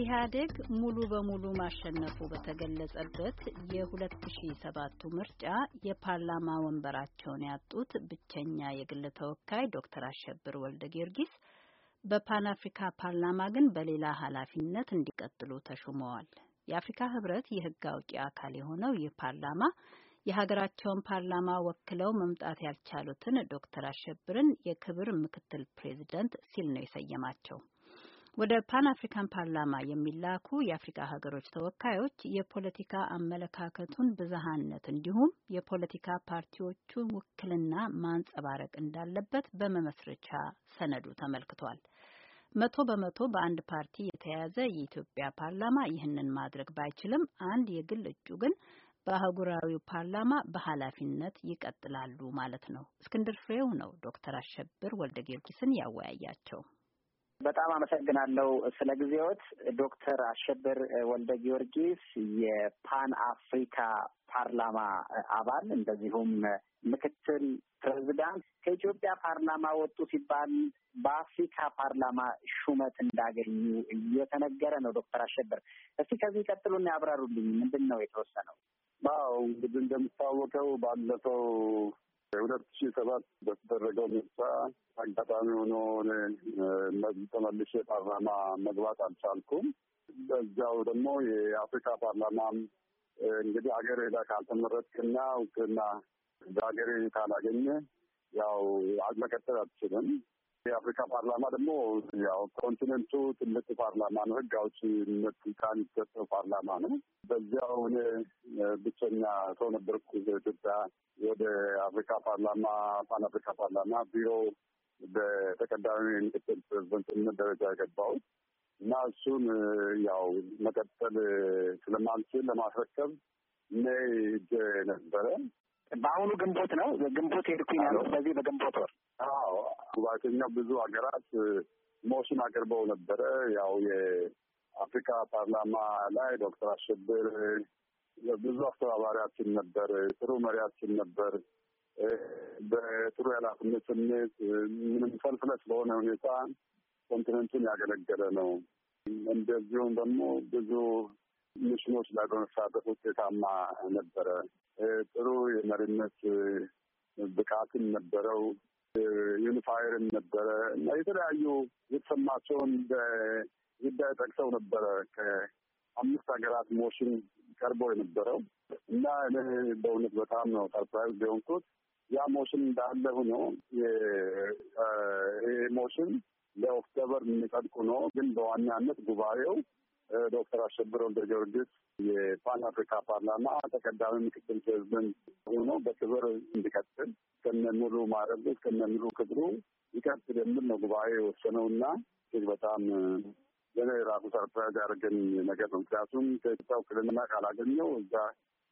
ኢህአዴግ ሙሉ በሙሉ ማሸነፉ በተገለጸበት የ2007 ምርጫ የፓርላማ ወንበራቸውን ያጡት ብቸኛ የግል ተወካይ ዶክተር አሸብር ወልደ ጊዮርጊስ በፓን አፍሪካ ፓርላማ ግን በሌላ ኃላፊነት እንዲቀጥሉ ተሹመዋል። የአፍሪካ ህብረት የህግ አውጪ አካል የሆነው ይህ ፓርላማ የሀገራቸውን ፓርላማ ወክለው መምጣት ያልቻሉትን ዶክተር አሸብርን የክብር ምክትል ፕሬዚደንት ሲል ነው የሰየማቸው። ወደ ፓን አፍሪካን ፓርላማ የሚላኩ የአፍሪካ ሀገሮች ተወካዮች የፖለቲካ አመለካከቱን ብዝሃነት እንዲሁም የፖለቲካ ፓርቲዎቹን ውክልና ማንጸባረቅ እንዳለበት በመመስረቻ ሰነዱ ተመልክቷል። መቶ በመቶ በአንድ ፓርቲ የተያዘ የኢትዮጵያ ፓርላማ ይህንን ማድረግ ባይችልም አንድ የግል እጩ ግን በአህጉራዊው ፓርላማ በኃላፊነት ይቀጥላሉ ማለት ነው። እስክንድር ፍሬው ነው ዶክተር አሸብር ወልደ ጊዮርጊስን ያወያያቸው። በጣም አመሰግናለሁ ስለ ጊዜዎት። ዶክተር አሸብር ወልደ ጊዮርጊስ የፓን አፍሪካ ፓርላማ አባል እንደዚሁም ምክትል ፕሬዚዳንት ከኢትዮጵያ ፓርላማ ወጡ ሲባል በአፍሪካ ፓርላማ ሹመት እንዳገኙ እየተነገረ ነው። ዶክተር አሸበር እስቲ ከዚህ ቀጥሉና ያብራሩልኝ። ምንድን ነው የተወሰነው? አዎ እንግዲህ እንደሚታወቀው ባለፈው ሁለት ሺ ሰባት በተደረገው ምርጫ አጋጣሚ ሆኖ ተመልሼ ፓርላማ መግባት አልቻልኩም። በዚያው ደግሞ የአፍሪካ ፓርላማም እንግዲህ ሀገር ሄዳ ካልተመረጥክና እውቅና በሀገር ካላገኘ ያው መቀጠል አትችልም። የአፍሪካ ፓርላማ ደግሞ ያው ኮንቲኔንቱ ትልቅ ፓርላማ ነው። ህግ አውጪነት ስልጣን የተሰጠው ፓርላማ ነው። በዚያው እኔ ብቸኛ ሰው ነበርኩ ኢትዮጵያ ወደ አፍሪካ ፓርላማ ፓን አፍሪካ ፓርላማ ቢሮ በተቀዳሚ ምክትል ፕሬዚደንትነት ደረጃ የገባሁት እና እሱን ያው መቀጠል ስለማልችል ለማስረከብ ነይ ሄጄ ነበረ። በአሁኑ ግንቦት ነው ግንቦት ሄድኩኝ ያሉት በዚህ በግንቦት ወር ጉባኤተኛው ብዙ ሀገራት ሞሽን አቅርበው ነበረ። ያው የአፍሪካ ፓርላማ ላይ ዶክተር አሸብር ብዙ አስተባባሪያችን ነበር፣ ጥሩ መሪያችን ነበር። በጥሩ የኃላፊነት ስሜት ምንም ፈልፍለት በሆነ ሁኔታ ኮንቲነንቱን ያገለገለ ነው። እንደዚሁም ደግሞ ብዙ ሚሽኖች ላይ በመሳተፍ ውጤታማ ነበረ። ጥሩ የመሪነት ብቃትም ነበረው። ዩኒፋየርም ነበረ እና የተለያዩ የተሰማቸውን ጉዳይ ጠቅሰው ነበረ ከአምስት ሀገራት ሞሽን ቀርቦ የነበረው እና በእውነት በጣም ነው ሰርፕራይዝ ቢሆንኩት። ያ ሞሽን እንዳለ ሆኖ ይሄ ሞሽን ለኦክቶበር የሚጸድቁ ነው። ግን በዋናነት ጉባኤው ዶክተር አሸብር ወልደ ጊዮርጊስ የፓን አፍሪካ ፓርላማ ተቀዳሚ ምክትል ፕሬዚደንት ሆኖ በክብር እንዲቀጥል ሙሉ ማዕረጉ እስከነሙሉ ክብሩ ይቀጥ ደምር ነው ጉባኤ የወሰነው እና በጣም ለእኔ ራሱ ሰርፕራይዝ ያደርገኝ ነገር ነው። ምክንያቱም ከኢትዮጵያ ውክልና ካላገኘው እዛ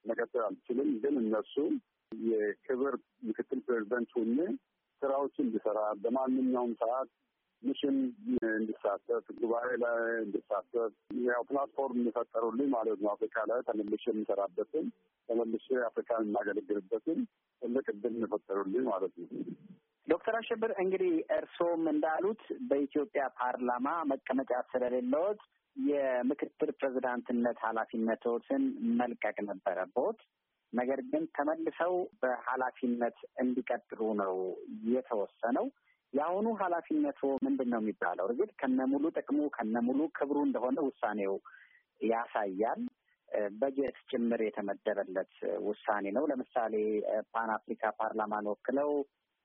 መቀጠል አልችልም። ግን እነሱ የክብር ምክትል ፕሬዚደንት ሁኔ ስራዎችን እንዲሰራ በማንኛውም ሰዓት ሚሽን እንዲሳተፍ ጉባኤ ላይ እንዲሳተፍ ያው ፕላትፎርም የፈጠሩልኝ ማለት ነው። አፍሪካ ላይ ተመልሼ የምሰራበትን ተመልሼ አፍሪካን የማገለግልበትን ትልቅ እድል የፈጠሩልኝ ማለት ነው። ዶክተር አሸብር እንግዲህ እርስዎም እንዳሉት በኢትዮጵያ ፓርላማ መቀመጫ ስለሌለዎት የምክትል ፕሬዚዳንትነት ኃላፊነቶትን መልቀቅ ነበረቦት። ነገር ግን ተመልሰው በኃላፊነት እንዲቀጥሉ ነው የተወሰነው። የአሁኑ ኃላፊነቱ ምንድን ነው የሚባለው እርግጥ ሙሉ ጥቅሙ ከነ ሙሉ ክብሩ እንደሆነ ውሳኔው ያሳያል። በጀት ጭምር የተመደበለት ውሳኔ ነው። ለምሳሌ ፓን አፍሪካ ፓርላማን ወክለው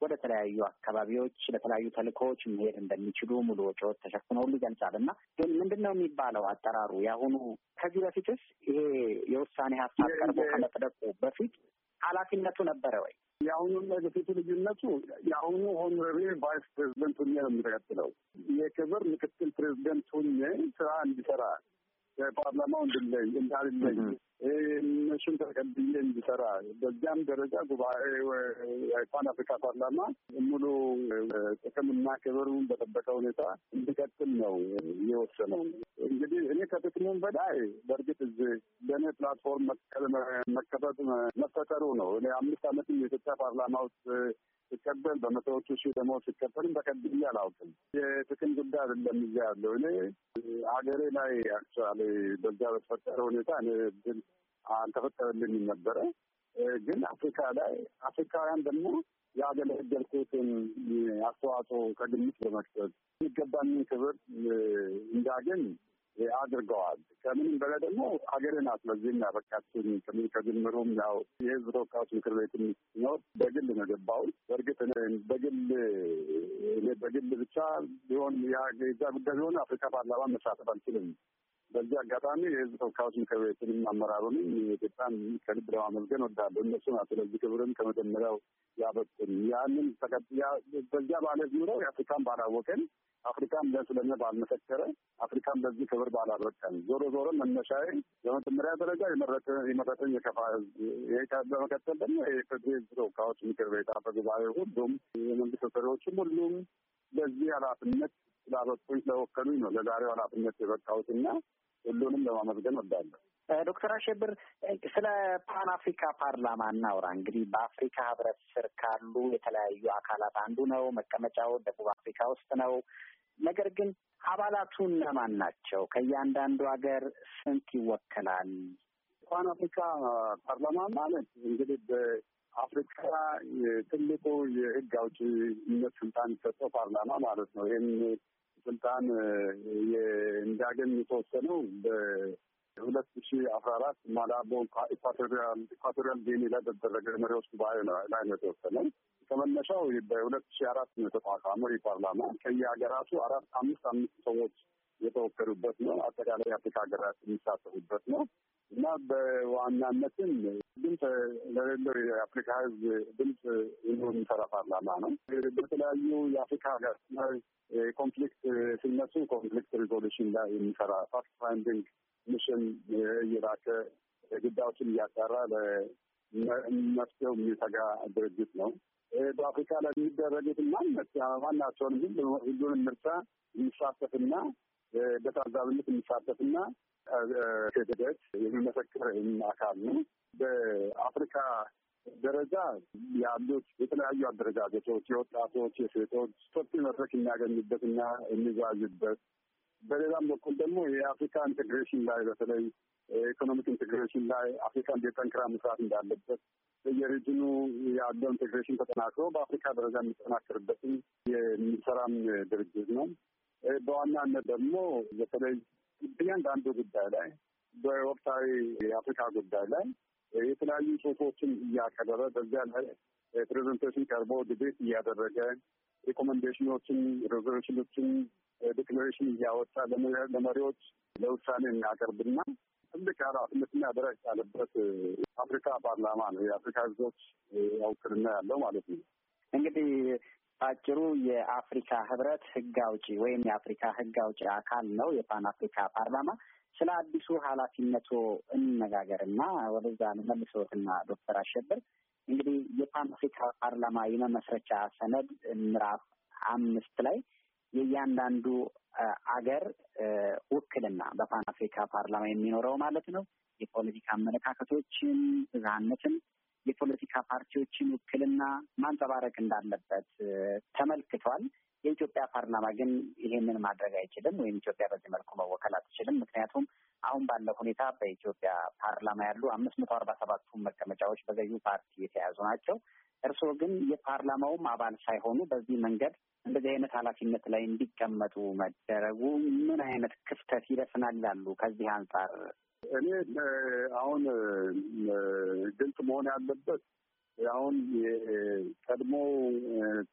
ወደ ተለያዩ አካባቢዎች ለተለያዩ ተልእኮዎች መሄድ እንደሚችሉ ሙሉ ወጪዎች ተሸፍኖ ሁሉ ይገልጻል። እና ግን ምንድን ነው የሚባለው አጠራሩ የአሁኑ ከዚህ በፊትስ ይሄ የውሳኔ ሀሳብ ቀርቦ ከመጽደቁ በፊት ኃላፊነቱ ነበረ ወይ? የአሁኑና የበፊቱ ልዩነቱ የአሁኑ ሆኖሬ ቫይስ ፕሬዚደንት ሁኜ ነው የምተቀጥለው። የክብር ምክትል ፕሬዚደንት ሁኜ ስራ እንዲሰራ ፓርላማው እንድለይ እንዳልለይ እነሱን ተቀብዬ እንዲሰራ በዚያም ደረጃ ጉባኤ ፓን አፍሪካ ፓርላማ ሙሉ ጥቅምና ክብሩን በጠበቀ ሁኔታ እንዲቀጥል ነው እየወሰነው እንግዲህ እኔ ከሁሉም በላይ በእርግጥ እዚህ በእኔ ፕላትፎርም መከፈት መፈጠሩ ነው። እኔ አምስት ዓመትም የኢትዮጵያ ፓርላማ ውስጥ ሲቀበል በመቶዎቹ ሺህ ደግሞ ሲቀበልም ተቀብዬ አላውቅም። የጥቅም ጉዳይ አይደለም እዚህ ያለው እኔ ሀገሬ ላይ አክቹዋሊ በዛ በተፈጠረ ሁኔታ እኔ ድል አልተፈጠረልኝም ነበረ። ግን አፍሪካ ላይ አፍሪካውያን ደግሞ ያገለገልኩትን አስተዋጽኦ ከግምት በመክተት የሚገባኝን ክብር እንዳገኝ አድርገዋል። ከምንም በላይ ደግሞ ሀገር ናት ለዚህም ያበቃችን። ከጅምሩም ያው የህዝብ ተወካዮች ምክር ቤት ሲኖር በግል ነው የገባሁት። በእርግጥ በግል በግል ብቻ ቢሆን የዛ ጉዳይ ቢሆን አፍሪካ ፓርላማ መሳተፍ አልችልም በዚህ አጋጣሚ የህዝብ ተወካዮች ምክር ቤትንም አመራሩንም ኢትዮጵያን ከልብ ለማመስገን ወዳለ እነሱ ናቸው ለዚህ ክብርን ከመጀመሪያው ያበቁን። ያንን በዚያ ባለ ኑረው የአፍሪካን ባላወቀን፣ አፍሪካን ለስለነ ባልመሰከረ፣ አፍሪካን በዚህ ክብር ባላበቀን። ዞሮ ዞሮ መነሻዬ በመጀመሪያ ደረጃ የመረጠኝ የከፋ ህዝብ፣ በመቀጠል ደግሞ የህዝብ ተወካዮች ምክር ቤት አፈ ጉባኤ፣ ሁሉም የመንግስት ሰሪዎችም ሁሉም ለዚህ ኃላፊነት ስላበቁኝ ስለወከሉኝ ነው ለዛሬው ኃላፊነት የበቃሁት እና ሁሉንም ለማመስገን ወዳለሁ። ዶክተር አሸብር ስለ ፓን አፍሪካ ፓርላማ እናውራ። እንግዲህ በአፍሪካ ህብረት ስር ካሉ የተለያዩ አካላት አንዱ ነው። መቀመጫው ደቡብ አፍሪካ ውስጥ ነው። ነገር ግን አባላቱ እነማን ናቸው? ከእያንዳንዱ ሀገር ስንት ይወከላል? ፓን አፍሪካ ፓርላማ ማለት እንግዲህ አፍሪካ ትልቁ የህግ አውጪነት ስልጣን የሚሰጠው ፓርላማ ማለት ነው። ይህን ስልጣን እንዲያገኝ የተወሰነው በሁለት ሺ አስራ አራት ማላቦ ኢኳቶሪያል ጌኒ ላይ በተደረገ መሪዎች ጉባኤ ላይ ነው የተወሰነው። ከመነሻው በሁለት ሺ አራት ነው የተቋቋመው ይህ ፓርላማ ከየሀገራቱ አራት አምስት አምስት ሰዎች የተወከሉበት ነው። አጠቃላይ የአፍሪካ ሀገራት የሚሳተፉበት ነው። እና በዋናነትም ድምፅ ለሌለው የአፍሪካ ህዝብ ድምፅ የሚሆን የሚሰራ ፓርላማ ነው። በተለያዩ የአፍሪካ ሀገር ኮንፍሊክት ሲነሱ ኮንፍሊክት ሪዞሉሽን ላይ የሚሰራ ፋክት ፋይንዲንግ ሚሽን እየላከ ጉዳዮችን እያጣራ ለመፍትሄው የሚተጋ ድርጅት ነው። በአፍሪካ ላይ የሚደረጉት ማነት ማናቸውን ሁሉንም ምርጫ የሚሳተፍና በታዛብነት የሚሳተፍና ክህደት የሚመሰክር አካል ነው። በአፍሪካ ደረጃ ያሉት የተለያዩ አደረጃጀቶች የወጣቶች፣ የሴቶች ሰፊ መድረክ የሚያገኙበትና የሚጓዝበት በሌላም በኩል ደግሞ የአፍሪካ ኢንቴግሬሽን ላይ በተለይ የኢኮኖሚክ ኢንቴግሬሽን ላይ አፍሪካ እንዴት ጠንክራ መስራት እንዳለበት በየሪጅኑ ያለው ኢንቴግሬሽን ተጠናክሮ በአፍሪካ ደረጃ የሚጠናክርበትም የሚሰራም ድርጅት ነው። በዋናነት ደግሞ በተለይ እያንዳንዱ ጉዳይ ላይ በወቅታዊ የአፍሪካ ጉዳይ ላይ የተለያዩ ጽሁፎችን እያቀረበ በዚያ ላይ ፕሬዘንቴሽን ቀርቦ ድቤት እያደረገ ሪኮመንዴሽኖችን፣ ሬዞሉሽኖችን፣ ዲክሌሬሽን እያወጣ ለመሪዎች ለውሳኔ የሚያቀርብና ትልቅ ኃላፊነትና ደረጃ ያለበት አፍሪካ ፓርላማ ነው የአፍሪካ ህዝቦች ውክልና ያለው ማለት ነው። እንግዲህ በአጭሩ የአፍሪካ ህብረት ህግ አውጪ ወይም የአፍሪካ ህግ አውጪ አካል ነው የፓን አፍሪካ ፓርላማ። ስለ አዲሱ ኃላፊነቱ እንነጋገርና ወደዛ እንመልስዎትና ዶክተር አሸብር እንግዲህ የፓን አፍሪካ ፓርላማ የመመስረቻ ሰነድ ምዕራፍ አምስት ላይ የእያንዳንዱ አገር ውክልና በፓን አፍሪካ ፓርላማ የሚኖረው ማለት ነው የፖለቲካ አመለካከቶችን ብዝሃነትን የፖለቲካ ፓርቲዎችን ውክልና ማንጸባረቅ እንዳለበት ተመልክቷል። የኢትዮጵያ ፓርላማ ግን ይሄንን ማድረግ አይችልም፣ ወይም ኢትዮጵያ በዚህ መልኩ መወከል አትችልም። ምክንያቱም አሁን ባለው ሁኔታ በኢትዮጵያ ፓርላማ ያሉ አምስት መቶ አርባ ሰባቱ መቀመጫዎች በገዢው ፓርቲ የተያዙ ናቸው። እርስዎ ግን የፓርላማውም አባል ሳይሆኑ በዚህ መንገድ እንደዚህ አይነት ኃላፊነት ላይ እንዲቀመጡ መደረጉ ምን አይነት ክፍተት ይደፍናል ላሉ ከዚህ አንጻር እኔ አሁን ግልጽ መሆን ያለበት አሁን የቀድሞ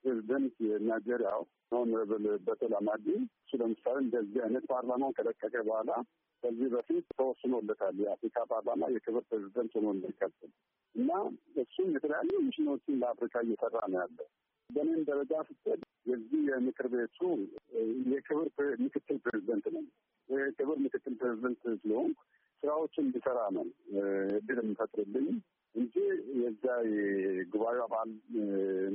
ፕሬዚደንት የናይጄሪያው አሁን ረብል እሱ ለምሳሌ እንደዚህ አይነት ፓርላማውን ከለቀቀ በኋላ ከዚህ በፊት ተወስኖለታል። የአፍሪካ ፓርላማ የክብር ፕሬዚደንት ሆኖ እንዳይቀጥል እና እሱም የተለያዩ ሚሽኖችን ለአፍሪካ እየሰራ ነው ያለው። በእኔም ደረጃ ስትሄድ የዚህ የምክር ቤቱ የክብር ምክትል ፕሬዚደንት ነው። የክብር ምክትል ፕሬዚደንት ስለሆንኩ ስራዎችን እንዲሰራ ነው እድል የምፈጥርልኝ እንጂ የዛ የጉባኤው አባል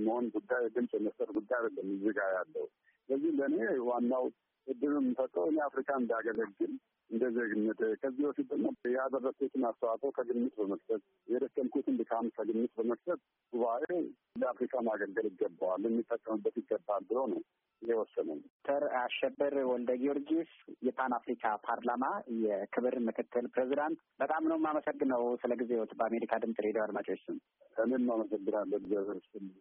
መሆን ጉዳይ ድምፅ የመስጠት ጉዳይ አይደለም እዚህ ጋ ያለው። ስለዚህ ለእኔ ዋናው እድሉን ሰጠው እኔ አፍሪካ እንዳገለግል እንደ ዜግነት ከዚህ በፊት ደግሞ ያደረግኩትን አስተዋጽኦ ከግምት በመክሰት የደከምኩትን ድካም ከግምት በመክሰት ጉባኤ ለአፍሪካ ማገልገል ይገባዋል፣ የሚጠቀምበት ይገባል ብሎ ነው የወሰነ ተር አሸበር ወልደ ጊዮርጊስ የፓን አፍሪካ ፓርላማ የክብር ምክትል ፕሬዚዳንት፣ በጣም ነው የማመሰግነው ስለ ጊዜዎት በአሜሪካ ድምፅ ሬዲዮ አድማጮች ስም እኔም አመሰግናለሁ። እግዚአብሔር ይስጥልኝ።